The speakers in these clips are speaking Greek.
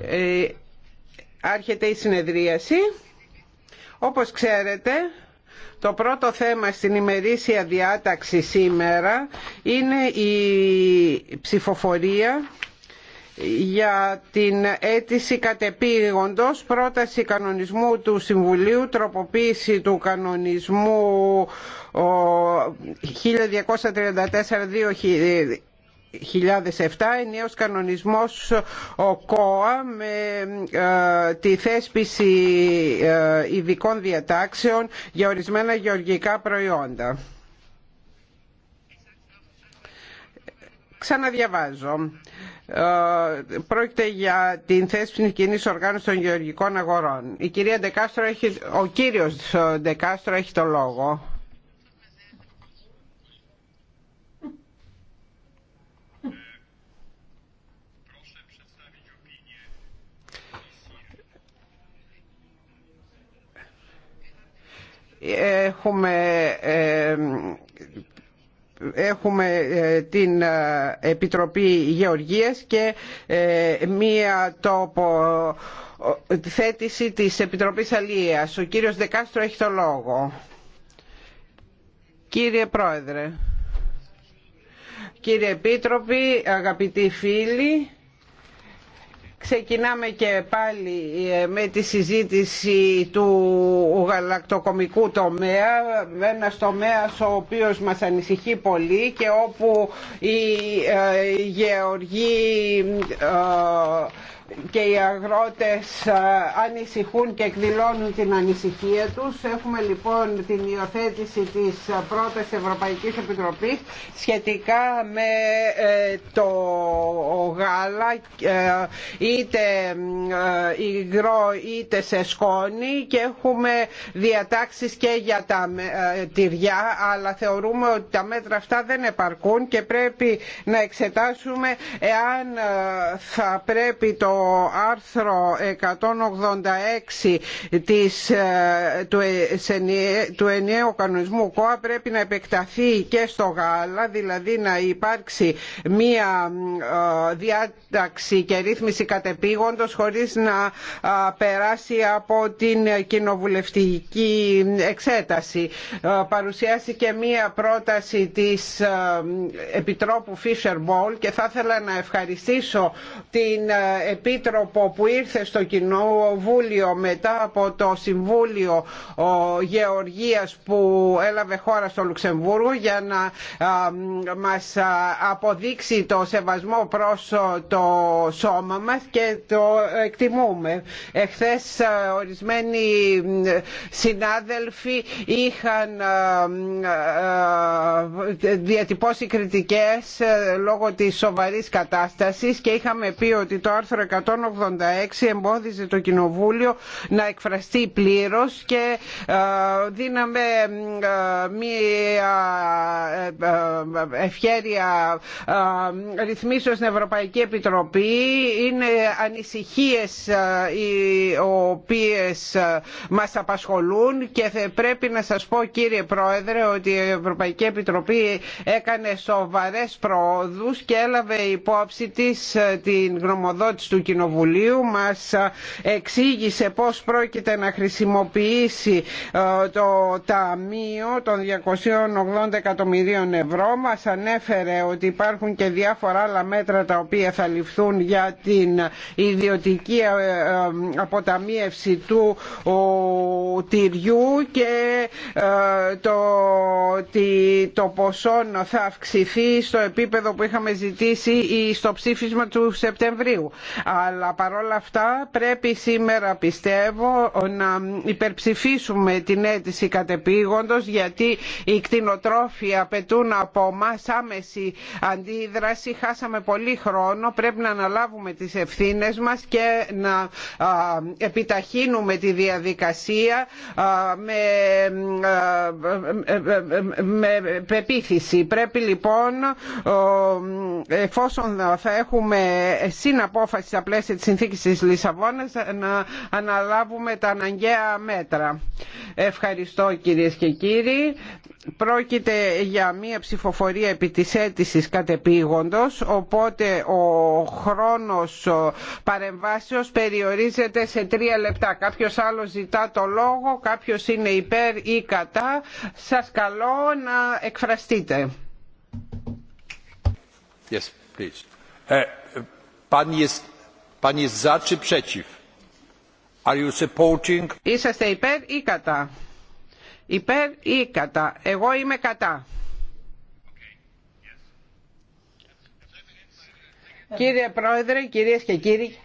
Ε, άρχεται η συνεδρίαση. Όπως ξέρετε, το πρώτο θέμα στην ημερήσια διάταξη σήμερα είναι η ψηφοφορία για την αίτηση κατεπήγοντος πρόταση κανονισμού του Συμβουλίου τροποποίηση του κανονισμού 1234 2007 ενιαίος κανονισμός ο ΚΟΑ με ε, τη θέσπιση ε, ειδικών διατάξεων για ορισμένα γεωργικά προϊόντα. Ξαναδιαβάζω. Ε, πρόκειται για την θέση κοινή οργάνωση των γεωργικών αγορών. Η κυρία έχει, ο κύριος Ντεκάστρο έχει το λόγο. έχουμε ε, έχουμε ε, την ε, Επιτροπή Γεωργίας και μία τόπο θέτηση της Επιτροπής Αλίας. Ο κύριος Δεκάστρο έχει το λόγο. Κύριε Πρόεδρε, κύριε Επίτροπη, αγαπητοί φίλοι, Ξεκινάμε και πάλι ε, με τη συζήτηση του γαλακτοκομικού τομέα, ένα τομέα ο οποίος μας ανησυχεί πολύ και όπου η ε, γεωργοί ε, και οι αγρότες ε, ανησυχούν και εκδηλώνουν την ανησυχία τους. Έχουμε λοιπόν την υιοθέτηση της πρώτης Ευρωπαϊκής Επιτροπής σχετικά με ε, το γάλα ε, είτε υγρό είτε σε σκόνη και έχουμε διατάξεις και για τα τυριά αλλά θεωρούμε ότι τα μέτρα αυτά δεν επαρκούν και πρέπει να εξετάσουμε εάν θα πρέπει το άρθρο 186 της, ε, του, ε, του ενιαίου κανονισμού ΚΟΑ πρέπει να επεκταθεί και στο γάλα, δηλαδή να υπάρξει μία ε, διάταξη και ρύθμιση κατεπήγοντος χωρίς να περάσει από την κοινοβουλευτική εξέταση. Παρουσιάστηκε μία πρόταση της Επιτρόπου Fisher και θα ήθελα να ευχαριστήσω την επίτροπο που ήρθε στο Κοινοβούλιο μετά από το Συμβούλιο Γεωργίας που έλαβε χώρα στο Λουξεμβούργο για να μας αποδείξει το σεβασμό προς το σώμα μας και το εκτιμούμε. Εχθές ορισμένοι συνάδελφοι είχαν διατυπώσει κριτικές ε, λόγω της σοβαρής κατάστασης και είχαμε πει ότι το άρθρο 186 εμπόδιζε το Κοινοβούλιο να εκφραστεί πλήρως και ε, δίναμε ε, μία ευχέρεια ρυθμίσεως στην Ευρωπαϊκή Επιτροπή. Είναι ανησυχίες οι οποίες μας απασχολούν και πρέπει να σας πω κύριε Πρόεδρε ότι η Ευρωπαϊκή Επιτροπή Επιτροπή έκανε σοβαρές προόδους και έλαβε υπόψη της ε, την γνωμοδότηση του Κοινοβουλίου μας ε, εξήγησε πώς πρόκειται να χρησιμοποιήσει ε, το Ταμείο των 280 εκατομμυρίων ευρώ μας ανέφερε ότι υπάρχουν και διάφορα άλλα μέτρα τα οποία θα ληφθούν για την ιδιωτική αποταμίευση του τυριού και το το ποσό θα αυξηθεί στο επίπεδο που είχαμε ζητήσει ή στο ψήφισμα του Σεπτεμβρίου. Αλλά παρόλα αυτά πρέπει σήμερα πιστεύω να υπερψηφίσουμε την αίτηση κατεπήγοντος γιατί οι κτηνοτρόφοι απαιτούν από εμά άμεση αντίδραση. Χάσαμε πολύ χρόνο, πρέπει να αναλάβουμε τις ευθύνες μας και να επιταχύνουμε τη διαδικασία με, με Πρέπει λοιπόν εφόσον θα έχουμε συναπόφαση στα πλαίσια της συνθήκης της Λισαβόνας να αναλάβουμε τα αναγκαία μέτρα. Ευχαριστώ κυρίες και κύριοι. Πρόκειται για μία ψηφοφορία επί της αίτησης κατεπήγοντος, οπότε ο χρόνος παρεμβάσεως περιορίζεται σε τρία λεπτά. Κάποιος άλλος ζητά το λόγο, κάποιος είναι υπέρ ή κατά. Σας καλώ να εκφραστείτε. Yes, please. Ε, pan jest, pan jest za czy przeciw? Are you supporting? Είσαστε υπέρ ή κατά. Υπέρ ή κατά. Εγώ είμαι κατά. Κύριε Πρόεδρε, κυρίες και κύριοι,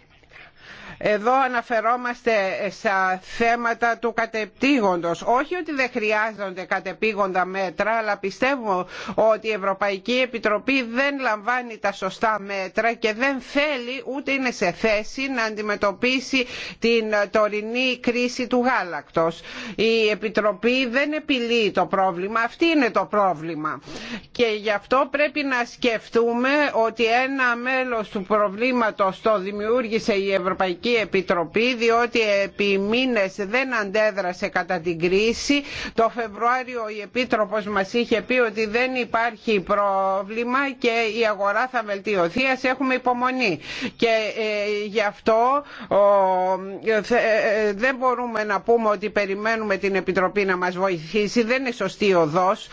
εδώ αναφερόμαστε στα θέματα του κατεπτύγοντος. Όχι ότι δεν χρειάζονται κατεπτύγοντα μέτρα, αλλά πιστεύω ότι η Ευρωπαϊκή Επιτροπή δεν λαμβάνει τα σωστά μέτρα και δεν θέλει ούτε είναι σε θέση να αντιμετωπίσει την τωρινή κρίση του γάλακτος. Η Επιτροπή δεν επιλύει το πρόβλημα, αυτή είναι το πρόβλημα. Και γι' αυτό πρέπει να σκεφτούμε ότι ένα μέλος του προβλήματος το δημιούργησε η Ευρωπαϊκή Ευρωπαϊκή Επιτροπή διότι επί μήνες δεν αντέδρασε κατά την κρίση. Το Φεβρουάριο η Επίτροπος μας είχε πει ότι δεν υπάρχει πρόβλημα και η αγορά θα βελτιωθεί. Ας έχουμε υπομονή. Και ε, γι' αυτό ε, δεν μπορούμε να πούμε ότι περιμένουμε την Επιτροπή να μας βοηθήσει. Δεν είναι σωστή οδός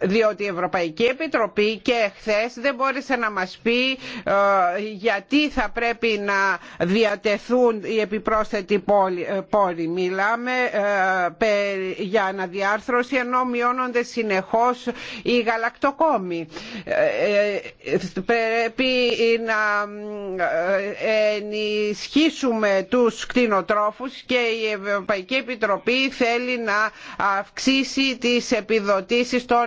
διότι η Ευρωπαϊκή Επιτροπή και χθε δεν μπόρεσε να μας πει ε, γιατί θα πρέπει να διατεθούν δουν οι επιπρόσθετοι ε, πόροι. Μιλάμε ε, για αναδιάρθρωση ενώ μειώνονται συνεχώς οι γαλακτοκόμοι. Ε, πρέπει να ενισχύσουμε τους κτηνοτρόφους και η Ευρωπαϊκή Επιτροπή θέλει να αυξήσει τις επιδοτήσεις των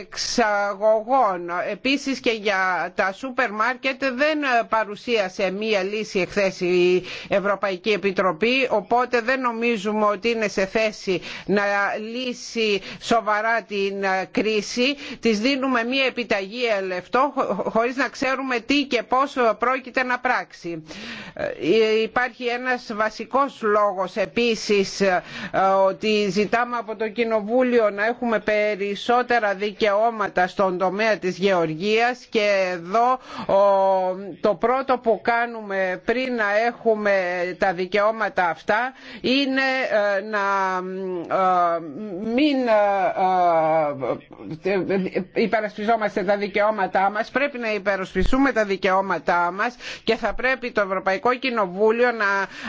εξαγωγών. Επίσης και για τα σούπερ μάρκετ δεν παρουσίασε μία λύση εχθές η Ευρωπαϊκή Επιτροπή οπότε δεν νομίζουμε ότι είναι σε θέση να λύσει σοβαρά την κρίση. Της δίνουμε μία επιταγή ελευτό χωρίς να ξέρουμε τι και πώς πρόκειται να πράξει. Ε, υπάρχει ένας βασικός λόγος επίσης ε, ότι ζητάμε από το Κοινοβούλιο να έχουμε περισσότερα δικαιώματα στον τομέα της γεωργίας και εδώ το πρώτο που κάνουμε πριν να έχουμε τα δικαιώματα αυτά είναι ε, να ε, μην ε, υπερασπιζόμαστε τα δικαιώματά μας πρέπει να υπερασπιστούμε τα δικαιώματά μας και θα πρέπει το Ευρωπαϊκό Κοινοβούλιο να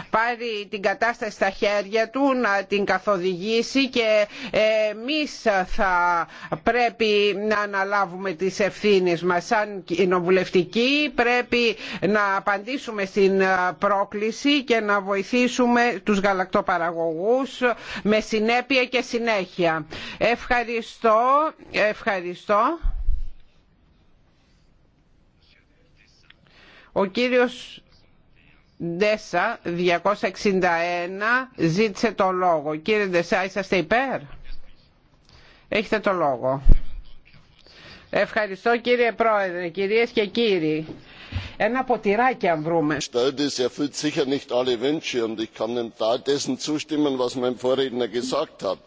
πάρει την κατάσταση στα χέρια του να την καθοδηγήσει και εμείς θα πρέπει να αναλάβουμε τις ευθύνες μας σαν κοινοβουλευτικοί πρέπει να απαντήσουμε στην πρόκληση και να βοηθήσουμε τους γαλακτοπαραγωγούς με συνέπεια και συνέχεια. Ευχαριστώ, ευχαριστώ. Ο κύριος Ντέσα 261 ζήτησε το λόγο. Κύριε Ντέσα, είσαστε υπέρ. Έχετε το λόγο. Ευχαριστώ κύριε Πρόεδρε, κυρίες και κύριοι ένα ποτηράκι αν βρούμε. sicher nicht alle Wünsche und ich kann dem Teil dessen zustimmen, was mein Vorredner gesagt hat.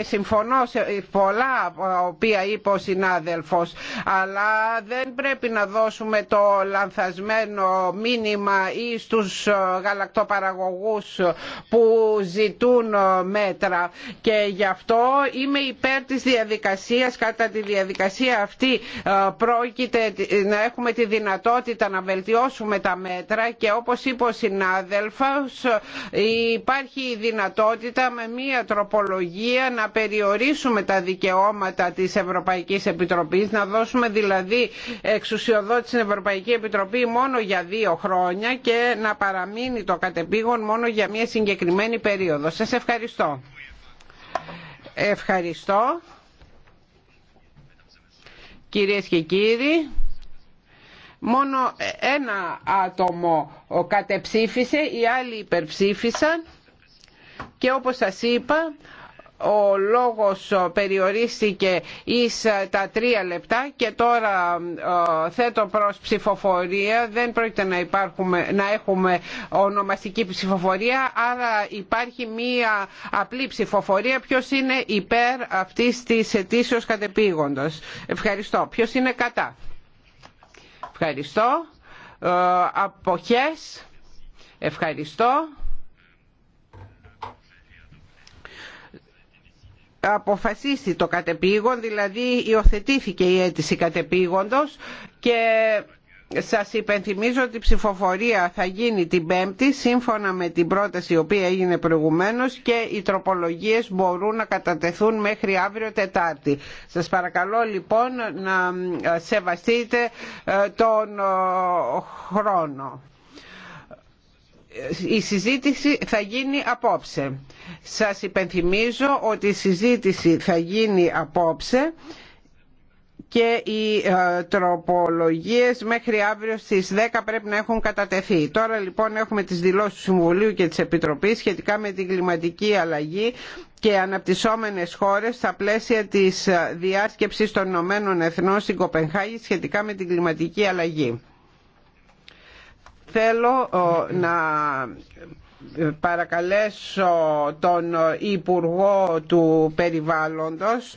Συμφωνώ σε πολλά οποία είπε ο συνάδελφος αλλά δεν πρέπει να δώσουμε το λανθασμένο μήνυμα ή στου γαλακτοπαραγωγού που ζητούν μέτρα και γι' αυτό είμαι υπέρ τη διαδικασίας κατά τη διαδικασία αυτή πρόκειται να έχουμε τη δυνατότητα να βελτιώσουμε τα μέτρα και όπως είπε ο συνάδελφος υπάρχει η δυνατότητα με μία τροπολογία να περιορίσουμε τα δικαιώματα της Ευρωπαϊκής Επιτροπής, να δώσουμε δηλαδή εξουσιοδότηση στην Ευρωπαϊκή Επιτροπή μόνο για δύο χρόνια και να παραμείνει το κατεπήγον μόνο για μια συγκεκριμένη περίοδο. Σας ευχαριστώ. Ευχαριστώ. Κυρίες και κύριοι, μόνο ένα άτομο κατεψήφισε, οι άλλοι υπερψήφισαν και όπως σας είπα ο λόγος περιορίστηκε εις ε, τα τρία λεπτά και τώρα ε, θέτω προς ψηφοφορία. Δεν πρόκειται να, υπάρχουμε, να έχουμε ονομαστική ψηφοφορία, άρα υπάρχει μία απλή ψηφοφορία. Ποιος είναι υπέρ αυτής της αιτήσεως κατεπήγοντος. Ευχαριστώ. Ποιος είναι κατά. Ευχαριστώ. Ε, αποχές. Ευχαριστώ. αποφασίσει το κατεπήγον, δηλαδή υιοθετήθηκε η αίτηση κατεπήγοντος και σας υπενθυμίζω ότι η ψηφοφορία θα γίνει την Πέμπτη σύμφωνα με την πρόταση η οποία έγινε προηγουμένως και οι τροπολογίες μπορούν να κατατεθούν μέχρι αύριο Τετάρτη. Σας παρακαλώ λοιπόν να σεβαστείτε ε, τον ε, χρόνο η συζήτηση θα γίνει απόψε. Σας υπενθυμίζω ότι η συζήτηση θα γίνει απόψε και οι ε, τροπολογίες μέχρι αύριο στις 10 πρέπει να έχουν κατατεθεί. Τώρα λοιπόν έχουμε τις δηλώσεις του Συμβουλίου και της Επιτροπής σχετικά με την κλιματική αλλαγή και αναπτυσσόμενες χώρες στα πλαίσια της ε, διάσκεψης των Ηνωμένων Εθνών στην Κοπενχάγη σχετικά με την κλιματική αλλαγή. Θέλω να παρακαλέσω τον Υπουργό του Περιβάλλοντος